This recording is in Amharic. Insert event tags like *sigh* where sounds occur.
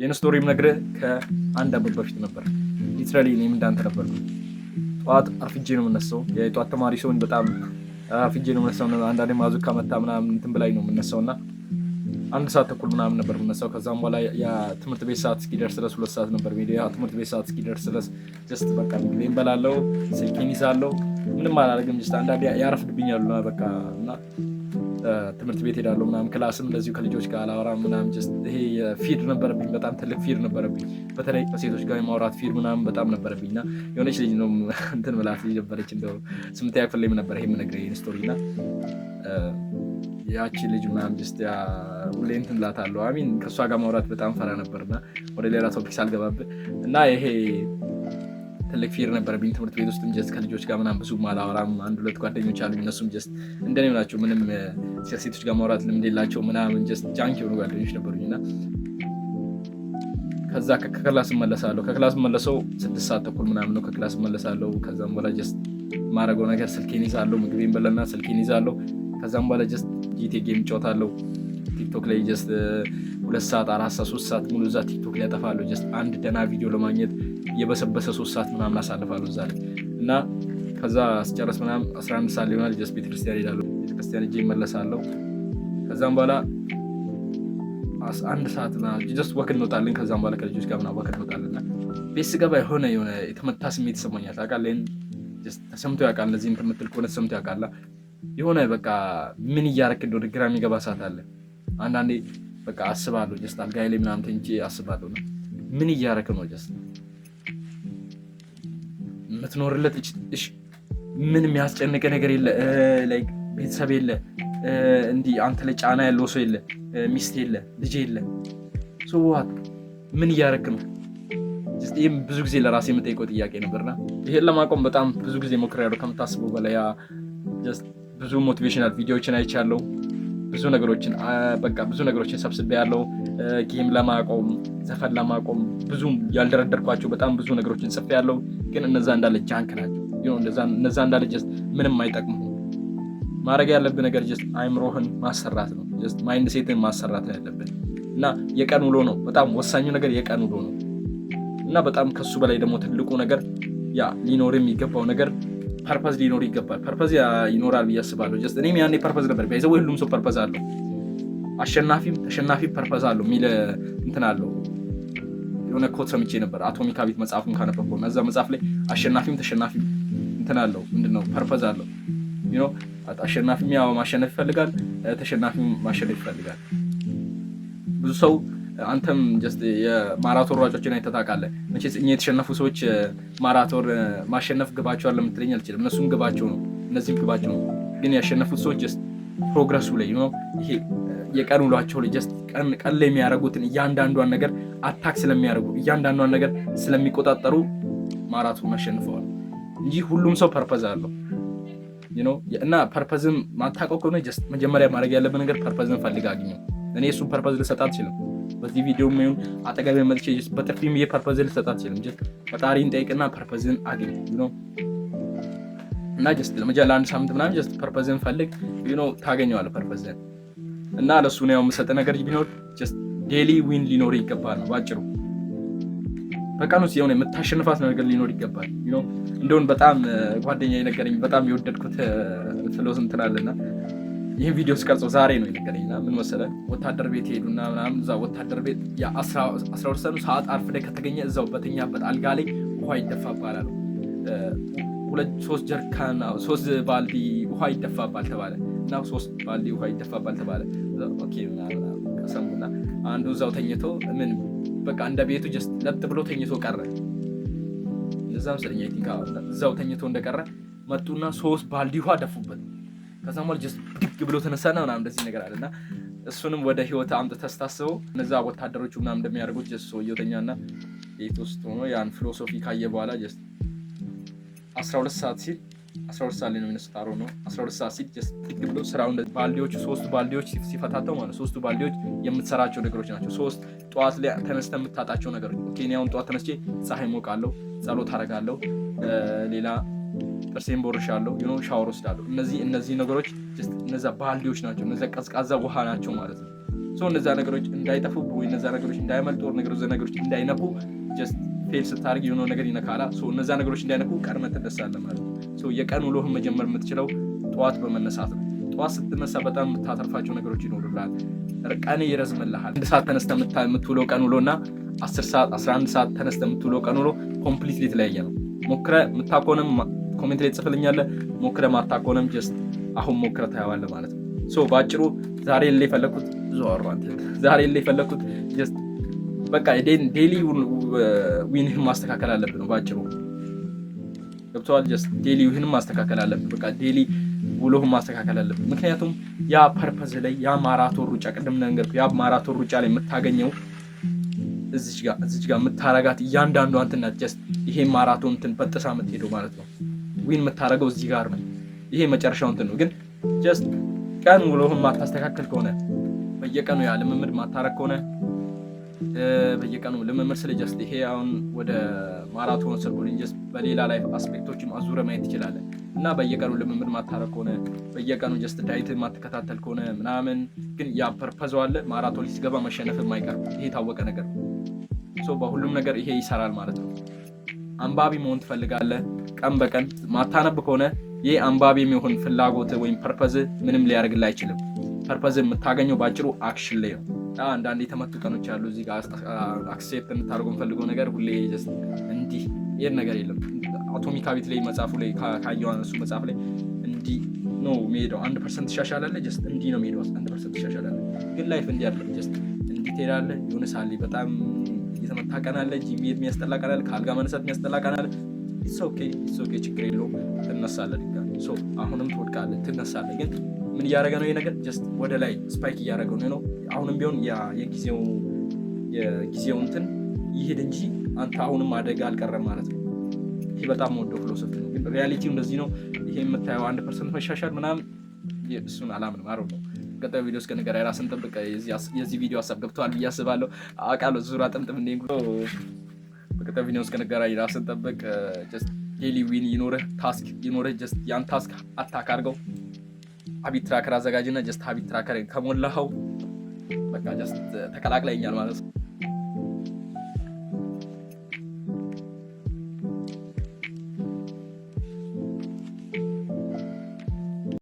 ይህን ስቶሪ የምነግርህ ከአንድ አመት በፊት ነበር። ሊትራሊ እኔም እንዳንተ ነበርኩ። ጠዋት አርፍጄ ነው የምነሳው። የጠዋት ተማሪ ሰውን በጣም አርፍጄ ነው የምነሳው። አንዳንዴ ማዙካ መታ ምናምን እንትን ብላኝ ነው የምነሳው እና አንድ ሰዓት ተኩል ምናምን ነበር የምነሳው። ከዛም በኋላ የትምህርት ቤት ሰዓት እስኪደርስ ድረስ ሁለት ሰዓት ነበር ሚዲ ትምህርት ቤት ሰዓት እስኪደርስ ድረስ ጀስት በቃ ምግቤ እንበላለው፣ ስልኬን ይዛለው፣ ምንም አላደርግም። ጀስት አንዳንዴ ያረፍድብኛሉ በቃ እና ትምህርት ቤት ሄዳለሁ ምናምን ክላስም እንደዚሁ ከልጆች ጋር አላወራም ምናምን። ይሄ ፊድ ነበረብኝ፣ በጣም ትልቅ ፊድ ነበረብኝ። በተለይ ከሴቶች ጋር የማውራት ፊድ ምናምን በጣም ነበረብኝ እና የሆነች ልጅ ነው *laughs* እንትን ምላት ልጅ ነበረች፣ እንደው ስምንተኛ ክፍል ላይም ነበር ይሄ የምነግርህ ስቶሪ እና ያቺ ልጅ ምናምን ስ ሁሌ እንትን እላታለሁ አሚን ከእሷ ጋር ማውራት በጣም ፈራ ነበርና ወደ ሌላ ቶፒክ ሳልገባብህ እና ይሄ ትልቅ ፊር ነበረብኝ ትምህርት ቤት ውስጥም ጀስት ከልጆች ጋር ምናምን ብዙ አላወራም። አንድ ሁለት ጓደኞች አሉ እነሱም ጀስት እንደኔ ናቸው። ምንም ሴቶች ጋር ማውራት ልምድ የላቸው ምናምን ጀስት ጃንክ የሆኑ ጓደኞች ነበሩኝ እና ከዛ ከክላስ መለሳለሁ። ከክላስ መለሰው ስድስት ሰዓት ተኩል ምናምን ነው። ከክላስ መለሳለሁ። ከዛም በኋላ ጀስት ማድረገው ነገር ስልኬን ይዛለሁ። ምግቤን በለና ስልኬን ይዛለሁ። ከዛም በኋላ ጀስት ጂቴ ጌም እጫወታለሁ። ቲክቶክ ላይ ጀስት ሁለት ሰዓት አራት ሰዓት ሶስት ሰዓት ሙሉ እዛ ቲክቶክ ላይ ያጠፋለሁ። ጀስት አንድ ደህና ቪዲዮ ለማግኘት የበሰበሰ ሶስት ሰዓት ምናምን አሳልፋለሁ እዛ ላይ እና ከዛ ስጨረስ ምናምን 11 ሰዓት ሊሆናል ጀስት ቤተክርስቲያን እሄዳለሁ። ቤተክርስቲያን እጄ ይመለሳለሁ። ከዛም በኋላ አንድ ሰዓት ጀስት ወክ እንወጣለን። ከዛም በኋላ ከልጆች ጋር ምናምን ወክ እንወጣለን። ቤት ስገባ የሆነ የሆነ የተመታ ስሜት ይሰማኛል። ታውቃለህ፣ ተሰምቶ ያውቃል። እነዚህ የምትል ከሆነ ተሰምቶ ያውቃል። የሆነ በቃ ምን እያረክ እንደሆነ ግራ የሚገባ ሰዓት አለ። አንዳንዴ በቃ አስባለሁ ጀስት አልጋ ላይ ምናምን ተኝቼ አስባለሁ ነው ምን እያደረክ ነው ጀስት የምትኖርለት ምን የሚያስጨንቀ ነገር የለ ላይክ ቤተሰብ የለ እንዲህ አንተ ላይ ጫና ያለው ሰው የለ ሚስት የለ ልጅ የለ ሰዋት ምን እያደረክ ነው ይህም ብዙ ጊዜ ለራሴ የምጠይቀው ጥያቄ ነበርና ይሄን ለማቆም በጣም ብዙ ጊዜ ሞክሬያለሁ ከምታስበው በላይ ብዙ ሞቲቬሽናል ቪዲዮዎችን አይቻለሁ ብዙ ነገሮችን በቃ ብዙ ነገሮችን ሰብስቤ ያለው ጌም ለማቆም ዘፈን ለማቆም ብዙ ያልደረደርኳቸው በጣም ብዙ ነገሮችን ጽፌ ያለው ግን እነዛ እንዳለ ጃንክ ናቸው። እነዛ እንዳለ ጀስት ምንም አይጠቅሙ። ማድረግ ያለብህ ነገር ስ አይምሮህን ማሰራት ነው። ማይንድ ሴትን ማሰራት ነው ያለብን። እና የቀን ውሎ ነው በጣም ወሳኙ ነገር የቀን ውሎ ነው እና በጣም ከሱ በላይ ደግሞ ትልቁ ነገር ያ ሊኖር የሚገባው ነገር ፐርፐዝ ሊኖር ይገባል። ፐርፐዝ ይኖራል ብዬ አስባለሁ። ጀስት እኔም ያኔ ፐርፐዝ ነበር ይዘ ሁሉም ሰው ፐርፐዝ አለው። አሸናፊም ተሸናፊ ፐርፐዝ አለው የሚል እንትን አለው። የሆነ ኮት ሰምቼ ነበር አቶሚክ ሀቢት መጽሐፉን ካነበብኩ እና እዛ መጽሐፍ ላይ አሸናፊም ተሸናፊ እንትን አለው ምንድነው ፐርፐዝ አለው። አሸናፊም ያው ማሸነፍ ይፈልጋል፣ ተሸናፊም ማሸነፍ ይፈልጋል። ብዙ ሰው አንተም የማራቶን ሯጮችን አይተህ ታውቃለህ። መቼስ እኛ የተሸነፉ ሰዎች ማራቶን ማሸነፍ ግባቸዋል ለምትለኝ አልችልም። እነሱም ግባቸው ነው፣ እነዚህም ግባቸው ነው። ግን ያሸነፉት ሰዎች ፕሮግረሱ ላይ ነው። ይሄ የቀን ውሏቸው ላይ ጀስት ቀን ቀን ላይ የሚያደርጉትን እያንዳንዷን ነገር አታክ ስለሚያደርጉ እያንዳንዷን ነገር ስለሚቆጣጠሩ ማራቶን አሸንፈዋል እንጂ ሁሉም ሰው ፐርፐዝ አለው እና ፐርፐዝም ማታውቀው ከሆነ መጀመሪያ ማድረግ ያለብን ነገር ፐርፐዝን ፈልግ አግኘው። እኔ እሱን ፐርፐዝ ልሰጥ አልችልም። በዚህ ቪዲዮ ይሁን አጠገብ መልቼ በጥፊም የፐርፐዝን ልሰጥ አልችልም። ፈጣሪን ጠይቅና ፐርፐዝን አግኝ ነው እና ጀስት ለአንድ ሳምንት ምናምን ጀስት ፐርፐዝን ፈልግ ነው ታገኘዋለ ፐርፐዝን እና ለእሱ ነው የምሰጥ ነገር ቢኖር ጀስት ዴሊ ዊን ሊኖር ይገባል ነው ባጭሩ። በቀን ውስጥ የሆነ የምታሸንፋት ነገር ሊኖር ይገባል። እንደውን በጣም ጓደኛ የነገረኝ በጣም የወደድኩት ፍሎስ እንትን አለና ይህን ቪዲዮ ስቀርጾ ዛሬ ነው የነገረኝና ምን መሰለ ወታደር ቤት ሄዱና ምናምን እዛ ወታደር ቤት አስራ ሁለት ሰዓት ላይ ከተገኘ እዛው በተኛበት አልጋ ላይ ውሃ ይደፋባል አሉ። ሶስት ጀርካና ሶስት ባልዲ ውሃ ይደፋባል ተባለ እና ሶስት ባልዲ ውሃ ይደፋባል ተባለ። ሰሙና አንዱ እዛው ተኝቶ ምን በቃ እንደ ቤቱ ጀስት ለጥ ብሎ ተኝቶ ቀረ። እዛ መሰለኝ እዛው ተኝቶ እንደቀረ መጡና ሶስት ባልዲ ውሃ ደፉበት። ከዛም በኋላ ጀስት ብድግ ብሎ ተነሳና ምናምን እንደዚህ ነገር አለና እሱንም ወደ ህይወት አምጥ ስታስበው እነዛ ወታደሮቹ ምናምን እንደሚያደርጉት ጀስት ሰውየተኛና ቤት ውስጥ ሆኖ ያን ፊሎሶፊ ካየ በኋላ ጀስት አስራ ሁለት ሰዓት ሲል አስራ ሁለት ሰዓት ላይ ነው የሚነሱት። አሮ ነው አስራ ሁለት ሰዓት ሲል ጀስት ብድግ ብሎ ስራውን ባልዲዎቹ ሶስቱ ባልዲዎች ሲፈታተው ማለት ሶስቱ ባልዲዎች የምትሰራቸው ነገሮች ናቸው። ሶስት ጠዋት ላይ ተነስተህ የምታጣቸው ነገሮች ኬንያውን ጠዋት ተነስቼ ፀሐይ ሞቃለሁ፣ ጸሎት አደርጋለሁ ሌላ ጥርሴን ቦርሻለሁ፣ የሆነ ሻወር ወስዳለሁ። እነዚህ እነዚህ ነገሮች እነዛ ባልዲዎች ናቸው፣ እነዛ ቀዝቃዛ ውሃ ናቸው ማለት ነው። ሰው እነዛ ነገሮች እንዳይጠፉ ወይ እነዛ ነገሮች እንዳይመልጡ ነገሮች እንዳይነፉ ጀስት ፌል ስታደርግ የሆነ ነገር ይነካላ። እነዛ ነገሮች እንዳይነፉ ቀድመ ትነሳለህ ማለት ነው። የቀን ውሎህን መጀመር የምትችለው ጠዋት በመነሳት ነው። ጠዋት ስትነሳ በጣም የምታተርፋቸው ነገሮች ይኖሩላል። ቀን ይረዝምልሃል። አንድ ሰዓት ተነስተ የምትውለው ቀን ውሎ እና አስር ሰዓት አስራ አንድ ሰዓት ተነስተ የምትውለው ቀን ውሎ ኮምፕሊት የተለያየ ነው። ሞክረ የምታኮንም ኮሜንት ላይ ጽፍልኛለህ። ሞክረ ማታ ከሆነም ጀስት አሁን ሞክረ ታየዋለህ ማለት ነው። ሶ በአጭሩ ዛሬ ላይ የፈለግኩት ብዙ አወራን። ዛሬ ላይ የፈለግኩት ጀስት በቃ ዴሊ ዊንህን ማስተካከል አለብህ ነው በአጭሩ ገብተዋል። ጀስት ዴሊ ዊንህን ማስተካከል አለብህ። በቃ ዴሊ ውሎህን ማስተካከል አለብህ። ምክንያቱም ያ ፐርፐዝ ላይ ያ ማራቶን ሩጫ ቅድም ነገርኩህ፣ ያ ማራቶን ሩጫ ላይ የምታገኘው እዚች ጋር እዚች ጋር የምታረጋት እያንዳንዷ እንትን ናት። ጀስት ይሄ ማራቶን እንትን በጥሳ የምትሄደው ማለት ነው። ዊን የምታደርገው እዚህ ጋር ነው። ይሄ መጨረሻው እንትን ነው። ግን ጀስት ቀን ውሎህን ማታስተካከል ከሆነ በየቀኑ ያ ልምምድ ማታረግ ከሆነ በየቀኑ ልምምድ ስለ ጀስት ይሄ አሁን ወደ ማራቶን ሰርኩሊን ጀስት በሌላ ላይ አስፔክቶችም አዙረ ማየት ትችላለን። እና በየቀኑ ልምምድ ማታረግ ከሆነ በየቀኑ ጀስት ዳይት ማትከታተል ከሆነ ምናምን ግን ያ አለ። ማራቶን ሲገባ መሸነፍ የማይቀር ይሄ የታወቀ ነገር ነው። በሁሉም ነገር ይሄ ይሰራል ማለት ነው። አንባቢ መሆን ትፈልጋለህ ቀን በቀን ማታነብ ከሆነ ይህ አንባቢ የሚሆን ፍላጎት ወይም ፐርፐዝ ምንም ሊያደርግልህ አይችልም። ፐርፐዝ የምታገኘው ባጭሩ አክሽን ላይ ነው። አንዳንድ የተመቱ ቀኖች ያሉ እዚህ ጋር አክሴፕት እንድታደርጉ የምፈልገው ነገር ሁሌ እንዲህ ይህን ነገር የለም። አቶሚክ ቤት ላይ መጽሐፉ ላይ ካየው እሱ መጽሐፍ ላይ እንዲህ ነው የሚሄደው። አንድ ፐርሰንት ትሻሻላለህ፣ ጀስት እንዲህ ነው የሚሄደው። አንድ ፐርሰንት ትሻሻላለህ፣ ግን ላይፍ እንዲህ አይደለም። ጀስት እንዲህ ትሄዳለ። የሆነ ሳሌ በጣም የተመታ ቀናለህ፣ የሚያስጠላ ቀናለህ፣ ከአልጋ መነሳት የሚያስጠላ ቀናለህ ኢትስ ኦኬ ኢትስ ችግር የለውም ትነሳለህ። ድጋሚ አሁንም ትወድቃለህ፣ ትነሳለህ። ግን ምን እያደረገ ነው ይህ ነገር? ጀስት ወደ ላይ ስፓይክ እያደረገ ነው። ነው አሁንም ቢሆን የጊዜው እንትን ይሄድ እንጂ አንተ አሁንም አደጋ አልቀረም ማለት ነው። ይህ በጣም ወደ ፊሎሶፊ ነው፣ ግን ሪያሊቲው እንደዚህ ነው። ይሄ የምታየው አንድ ፐርሰንት መሻሻል ምናምን እሱን አላምንም። አሩ ነው ቀጣዩ ቪዲዮ እስከ ነገር ራስን ጠብቅ። የዚህ ቪዲዮ ሀሳብ ገብተዋል ብዬ አስባለሁ። አውቃለሁ ዙራ ጥምጥም እንዲንጉ በቀጣይ ቪዲዮ እስክንገናኝ ራስን ጠብቅ። ዴሊ ዊን ይኖርህ፣ ታስክ ይኖርህ። ጀስት ያን ታስክ አታክ አድርገው። ሀቢት ትራከር አዘጋጅና ጀስት ሀቢት ትራከር ከሞላኸው በቃ ጀስት ተቀላቅለኛል ማለት ነው።